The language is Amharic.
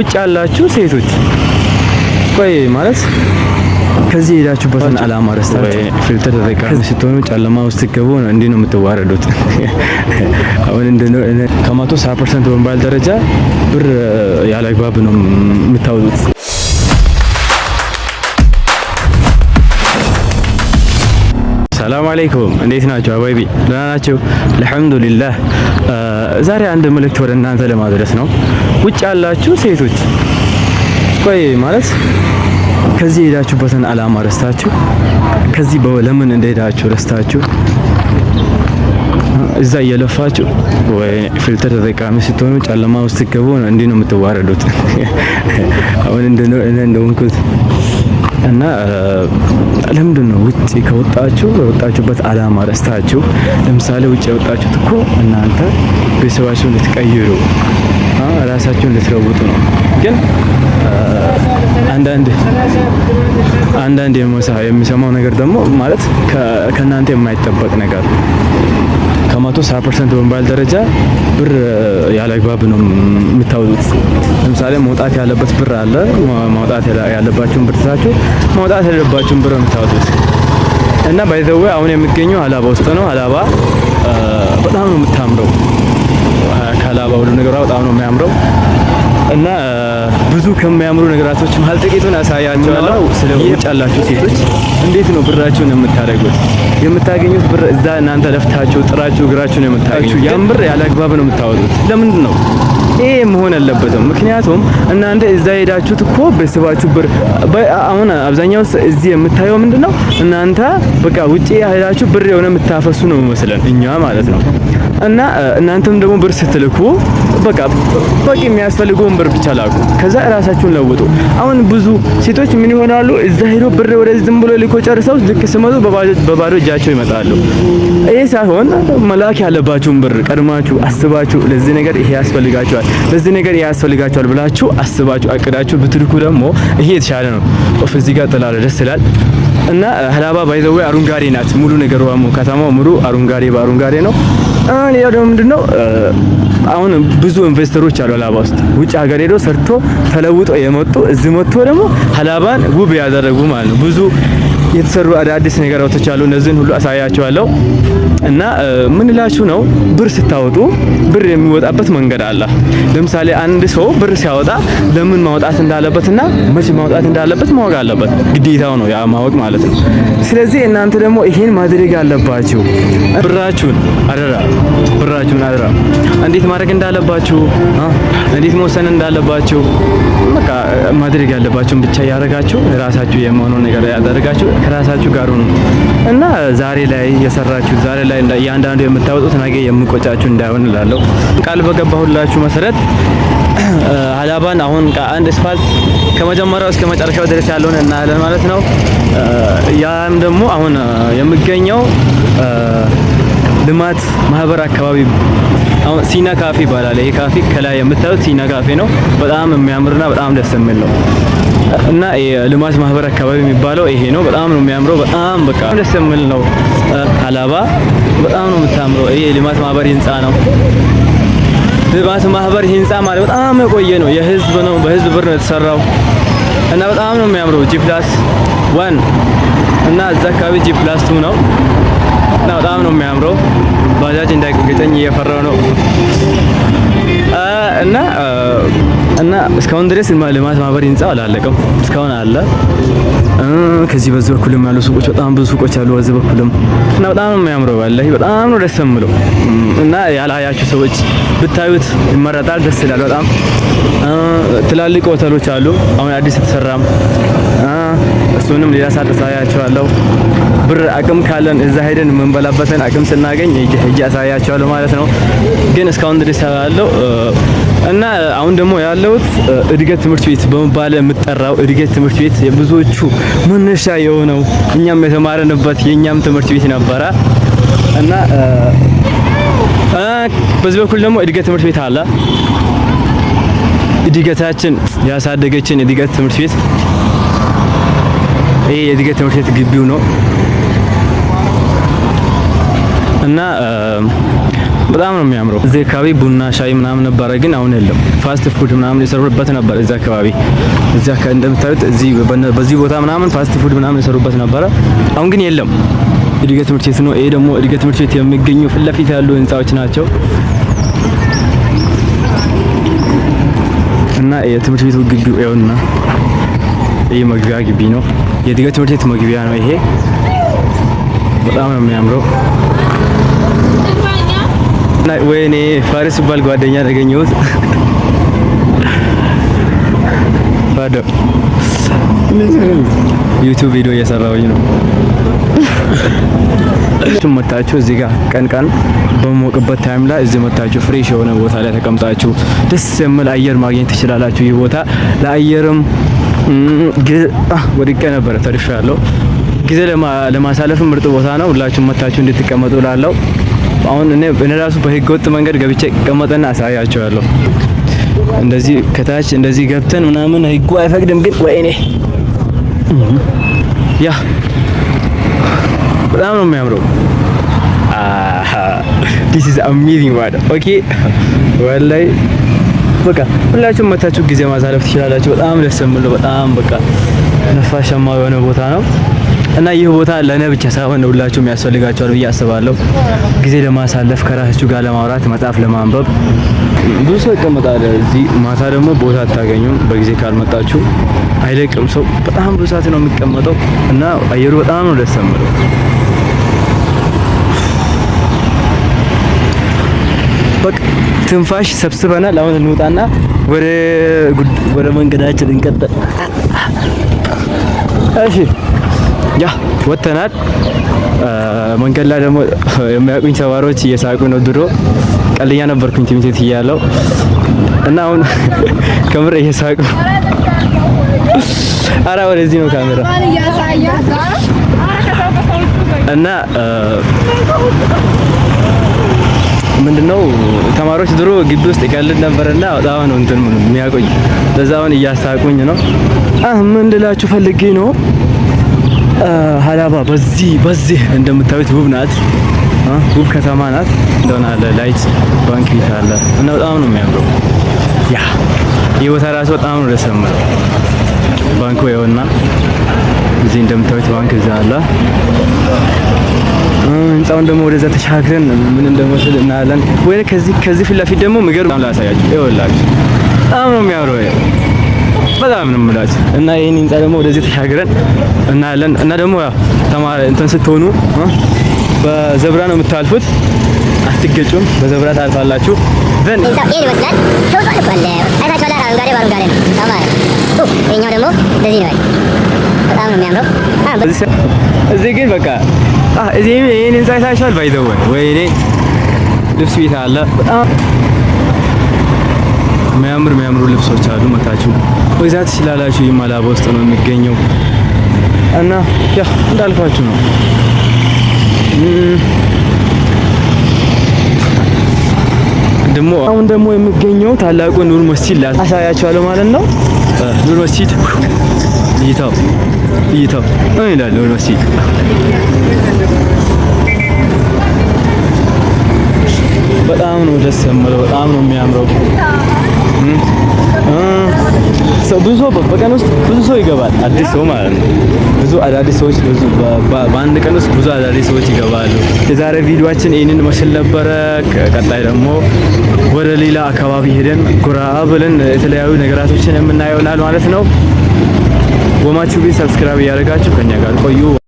ውጭ ያላችሁ ሴቶች ቆይ ማለት ከዚህ የሄዳችሁበትን አላማ ረስታችሁ ፊልተር ተጠቃሚ ስትሆኑ ጨለማ ውስጥ ስትገቡ ነው እንዲህ ነው የምትዋረዱት። አሁን እንደው ከመቶ ሰባ ፐርሰንት በመባል ደረጃ ብር ያለ አግባብ ነው የምታወጡት። ሰላም አለይኩም እንዴት ናቸው አባይቢ ደህና ናቸው አልሐምዱሊላህ ዛሬ አንድ መልእክት ወደ እናንተ ለማድረስ ነው ውጭ ያላችሁ ሴቶች ቆይ ማለት ከዚህ የሄዳችሁበትን አላማ ረስታችሁ ከዚህ ለምን እንደሄዳችሁ ረስታችሁ እዛ እየለፋችሁ ወይ ፊልተር ተጠቃሚ ስትሆኑ ጨለማ ውስጥ ገቡ ነው እንዲህ ነው የምትዋረዱት አሁን እንደሆንኩት እና ለምንድን ነው ውጭ ከወጣችሁ የወጣችሁበት አላማ ረስታችሁ? ለምሳሌ ውጭ የወጣችሁት እኮ እናንተ ቤተሰባችሁን ልትቀይሩ ራሳችሁን ልትለውጡ ነው። ግን አንዳንድ አንዳንድ የሚሰማው ነገር ደግሞ ማለት ከእናንተ የማይጠበቅ ነገር ከመቶ ሰባ ፐርሰንት ደረጃ ብር ያለግባብ ነው የምታወጡት። ለምሳሌ መውጣት ያለበት ብር አለ። ማውጣት ያለባችሁን ብር ትታችሁ ማውጣት ያለባችሁን ብር ነው የምታወጡት። እና ባይዘዌ አሁን የሚገኘው ሀላባ ውስጥ ነው። ሀላባ በጣም ነው የምታምረው። ከሀላባ ሁሉ ነገሯ በጣም ነው የሚያምረው እና ብዙ ከሚያምሩ ነገራቶች መሀል ጥቂቱን አሳያቸዋለሁ። ስለ ውጭ ያላችሁ ሴቶች እንዴት ነው ብራችሁን የምታደርጉት? የምታገኙት ብር እዛ እናንተ ለፍታችሁ ጥራችሁ እግራችሁን የምታገኙት ያን ብር ያለ አግባብ ነው የምታወጡት። ለምንድን ነው ይሄ መሆን አለበትም። ምክንያቱም እናንተ እዛ ሄዳችሁት እኮ በስባችሁ ብር አሁን አብዛኛው እዚህ የምታየው ምንድን ነው እናንተ በቃ ውጪ ሄዳችሁ ብር የሆነ የምታፈሱ ነው የሚመስለን እኛ ማለት ነው። እና እናንተም ደግሞ ብር ስትልኩ በቃ በቂ የሚያስፈልገውን ብር ብቻ ላኩ። ከዛ እራሳችሁን ለውጡ። አሁን ብዙ ሴቶች ምን ይሆናሉ? እዛ ሄዶ ብር ወደዚህ ዝም ብሎ ልኮ ጨርሰው ልክ ስመጡ በባዶ እጃቸው ይመጣሉ። ይህ ሳይሆን መላክ ያለባችሁን ብር ቀድማችሁ አስባችሁ ለዚህ ነገር ይሄ ያስፈልጋችኋል፣ ለዚህ ነገር ይሄ ያስፈልጋችኋል ብላችሁ አስባችሁ አቅዳችሁ ብትልኩ ደግሞ ይሄ የተሻለ ነው። ኦፍ እዚህ ጋር ጥላለ ደስ ይላል። እና ሀላባ ባይዘዌ አረንጓዴ ናት። ሙሉ ነገሩ ከተማው ሙሉ አሩንጋሬ በአሩንጋሬ ነው። ሌላው ደግሞ ምንድነው አሁን ብዙ ኢንቨስተሮች አሉ ሀላባ ውስጥ ውጭ ሀገር ሄዶ ሰርቶ ተለውጦ የመጡ እዚህ መጥቶ ደግሞ ሀላባን ውብ ያደረጉ ማለት ነው ብዙ የተሰሩ አዳዲስ ነገሮች አሉ። እነዚህን ሁሉ አሳያቸዋለሁ እና ምንላችሁ ነው ብር ስታወጡ ብር የሚወጣበት መንገድ አለ። ለምሳሌ አንድ ሰው ብር ሲያወጣ ለምን ማውጣት እንዳለበትና መቼ ማውጣት እንዳለበት ማወቅ አለበት። ግዴታው ነው ያ ማወቅ ማለት ነው። ስለዚህ እናንተ ደግሞ ይሄን ማድረግ አለባችሁ። ብራችሁን አደራ፣ ብራችሁን አደራ። እንዴት ማድረግ እንዳለባችሁ፣ እንዴት መወሰን እንዳለባችሁ፣ በቃ ማድረግ ያለባችሁን ብቻ እያደረጋችሁ ራሳችሁ የመሆኑን ነገር ያደርጋችሁ ከራሳችሁ ጋር ሁኑ እና ዛሬ ላይ የሰራችሁ ዛሬ ላይ እያንዳንዱ የምታወጡት ነገ የምቆጫችሁ እንዳይሆን እላለሁ። ቃል በገባሁላችሁ መሰረት አላባን አሁን ከአንድ እስፋልት ከመጀመሪያው እስከ መጨረሻው ድረስ ያለውን እናያለን ማለት ነው። ያም ደግሞ አሁን የሚገኘው ልማት ማህበር አካባቢ አሁን ሲና ካፌ ይባላል። ይሄ ካፌ ከላይ የምታዩት ሲና ካፌ ነው። በጣም የሚያምርና በጣም ደስ የሚል ነው። እና የልማት ማህበር አካባቢ የሚባለው ይሄ ነው። በጣም ነው የሚያምረው። በጣም በቃ ደስ የሚል ነው። ሀላባ በጣም ነው የምታምረው። ይሄ የልማት ማህበር ህንጻ ነው። ልማት ማህበር ህንጻ ማለት በጣም የቆየ ነው። የህዝብ ነው። በህዝብ ብር ነው የተሰራው እና በጣም ነው የሚያምረው። ጂ ፕላስ ዋን እና እዛ አካባቢ ጂ ፕላስ ቱ ነው እና በጣም ነው የሚያምረው። ባጃጅ እንዳይገጨኝ እየፈራው ነው እና እና እስካሁን ድረስ ልማት ማህበር ህንጻው አላለቀም፣ እስካሁን አለ። ከዚህ በዚህ በኩልም ያሉ ሱቆች በጣም ብዙ ሱቆች አሉ፣ በዚህ በኩልም እና በጣም ነው የሚያምረው። ወላሂ በጣም ነው ደስ የምለው እና ያላያችሁ ሰዎች ብታዩት ይመረጣል፣ ደስ ይላል በጣም። ትላልቅ ሆቴሎች አሉ፣ አሁን አዲስ የተሰራም እሱንም ሌላ ሰዓት አሳያችኋለሁ። ብር አቅም ካለን እዛ ሄደን የምንበላበትን አቅም ስናገኝ ሄጄ አሳያችኋለሁ ማለት ነው። ግን እስካሁን ድረስ ያለው እና አሁን ደግሞ ያለሁት እድገት ትምህርት ቤት በመባል የምጠራው እድገት ትምህርት ቤት የብዙዎቹ መነሻ የሆነው እኛም የተማረንበት የኛም ትምህርት ቤት ነበረ እና በዚህ በኩል ደግሞ እድገት ትምህርት ቤት አለ። እድገታችን ያሳደገችን እድገት ትምህርት ቤት ይሄ የእድገት ትምህርት ቤት ግቢው ነው። እና በጣም ነው የሚያምረው። እዚህ አካባቢ ቡና ሻይ ምናምን ነበረ፣ ግን አሁን የለም። ፋስት ፉድ ምናምን የሰሩበት ነበር እዚህ አካባቢ። እዚህ አካባቢ እንደምታዩት እዚህ በዚህ ቦታ ምናምን ፋስት ፉድ ምናምን የሰሩበት ነበረ፣ አሁን ግን የለም። እድገት ትምህርት ቤት ነው ይሄ። ደግሞ እድገት ትምህርት ቤት የሚገኙ ፊት ለፊት ያሉ ህንጻዎች ናቸው እና የትምህርት ቤቱ ግቢ ይኸውና፣ ይሄ መግቢያ ግቢ ነው። የእድገት ትምህርት ቤት መግቢያ ነው ይሄ። በጣም ነው የሚያምረው። አድናቂ ወይኔ ፋሪስ ባል ጓደኛ ያገኘሁት ዩቲዩብ ቪዲዮ እየሰራሁኝ ነው። እሱም መታችሁ እዚህ ጋር ቀን ቀን በሞቅበት ታይም ላይ እዚህ መታችሁ ፍሬሽ የሆነ ቦታ ላይ ተቀምጣችሁ ደስ የሚል አየር ማግኘት ትችላላችሁ። ይህ ቦታ ለአየርም ወድቄ ነበረ ተርፌ ያለው ጊዜ ለማሳለፍ ምርጥ ቦታ ነው። ሁላችሁም መታችሁ እንድትቀመጡ ላለው አሁን እኔ ራሱ በህገወጥ መንገድ ገብቼ ቀመጠና አሳያቸዋለሁ። እንደዚህ ከታች እንደዚህ ገብተን ምናምን ህጉ አይፈቅድም፣ ግን ወይኔ ያ በጣም ነው የሚያምረው። ዲስ ኢዝ አሜዚንግ ማለት ኦኬ ወላይ በቃ ሁላችሁም መታችሁ ጊዜ ማሳለፍ ትችላላችሁ። በጣም ደስ የሚል ነው። በጣም በቃ ነፋሻማ የሆነ ቦታ ነው እና ይህ ቦታ ለእኔ ብቻ ሳይሆን ሁላችሁም ያስፈልጋቸዋል ብዬ አስባለሁ። ጊዜ ለማሳለፍ ከራሳችሁ ጋር ለማውራት፣ መጽሐፍ ለማንበብ ብዙ ሰው ይቀመጣል እዚህ። ማታ ደግሞ ቦታ አታገኙም በጊዜ ካልመጣችሁ። አይለቅም ሰው በጣም ብዙ ሰዓት ነው የሚቀመጠው እና አየሩ በጣም ነው ደስ የሚለው በቃ ትንፋሽ ሰብስበናል። አሁን እንውጣና ወደ ወደ መንገዳችን እንቀጥል። እሺ ያ ወተናል። መንገድ ላይ ደግሞ የሚያውቁኝ ተማሪዎች እየሳቁ ነው። ድሮ ቀልኛ ነበርኩኝ ትምህርት ቤት እያለሁ እና አሁን ከምር እየሳቁ አራ ወደዚህ ነው ካሜራ እና ምንድነው ተማሪዎች ድሮ ግቢ ውስጥ ይቀልድ ነበርና በጣም ነው እንትን ምንም የሚያቆይ በዛውን እያሳቁኝ ነው። አህ ምን ልላችሁ ፈልጌ ነው ሀላባ በዚህ በዚህ እንደምታዩት ውብ ናት፣ ውብ ከተማ ናት። እንደሆነ አለ ላይት ባንክ ቤት አለ እና በጣም ነው የሚያምረው። ያ የቦታ ራሱ በጣም ነው ደስ የሚለው ባንኩ ይኸውና፣ እዚህ እንደምታዩት ባንክ እዛ አለ። ህንፃውን ደግሞ ወደዛ ተሻግረን ምን እንደመስል እናያለን። ወይ ከዚህ ከዚህ ፊት ለፊት ደግሞ ምግብ ላሳያችሁ። ይኸውላችሁ በጣም ነው የሚያምረው በጣም ነው የምላችሁ። እና ይሄን ህንፃ ደግሞ ወደዚህ ተሻግረን እናያለን። እና ደግሞ ያው ተማሪ እንትን ስትሆኑ በዘብራ ነው የምታልፉት፣ አትገጩም። በዘብራ ታልፋላችሁ። ዘን ይሄን ይመስላል። አረንጓዴ ባረንጓዴ ነው ተማሪ ኦ ይሄኛው ደግሞ እንደዚህ ነው። በጣም ነው የሚያምረው። እዚህ ግን በቃ Ah, እዚህም ይሄን ባይ ይታችኋል። ወይ ወይኔ ልብስ ቤት አለ። በጣም የሚያምር የሚያምሩ ልብሶች አሉ። መታችሁ ወይዛት ትችላላችሁ። ይህ ማላባ ውስጥ ነው የሚገኘው እና ያ እንዳልኳችሁ ነው። ደግሞ አሁን ደግሞ የሚገኘው ታላቁ ኑር መስጂድ አሳያችኋለሁ ማለት ነው። ኑር መስጂድ ይታው እይታው ምን ይላል? ወልመሲ በጣም ነው ደስ የምለው በጣም ነው የሚያምረው። ብዙ ሰው በቀን ውስጥ ብዙ ሰው ይገባል፣ አዲስ ሰው ማለት ነው። ብዙ አዳዲስ ሰዎች ብዙ በአንድ ቀን ውስጥ ብዙ አዳዲስ ሰዎች ይገባሉ። የዛሬ ቪዲዮአችን ይህንን መስል ነበረ። ቀጣይ ደግሞ ወደ ሌላ አካባቢ ሄደን ጉራ ብለን የተለያዩ ነገራቶችን የምናየው ይሆናል ማለት ነው። ጎማችሁ ቤት ሰብስክራይብ እያደረጋችሁ ከኛ ጋር ቆዩ።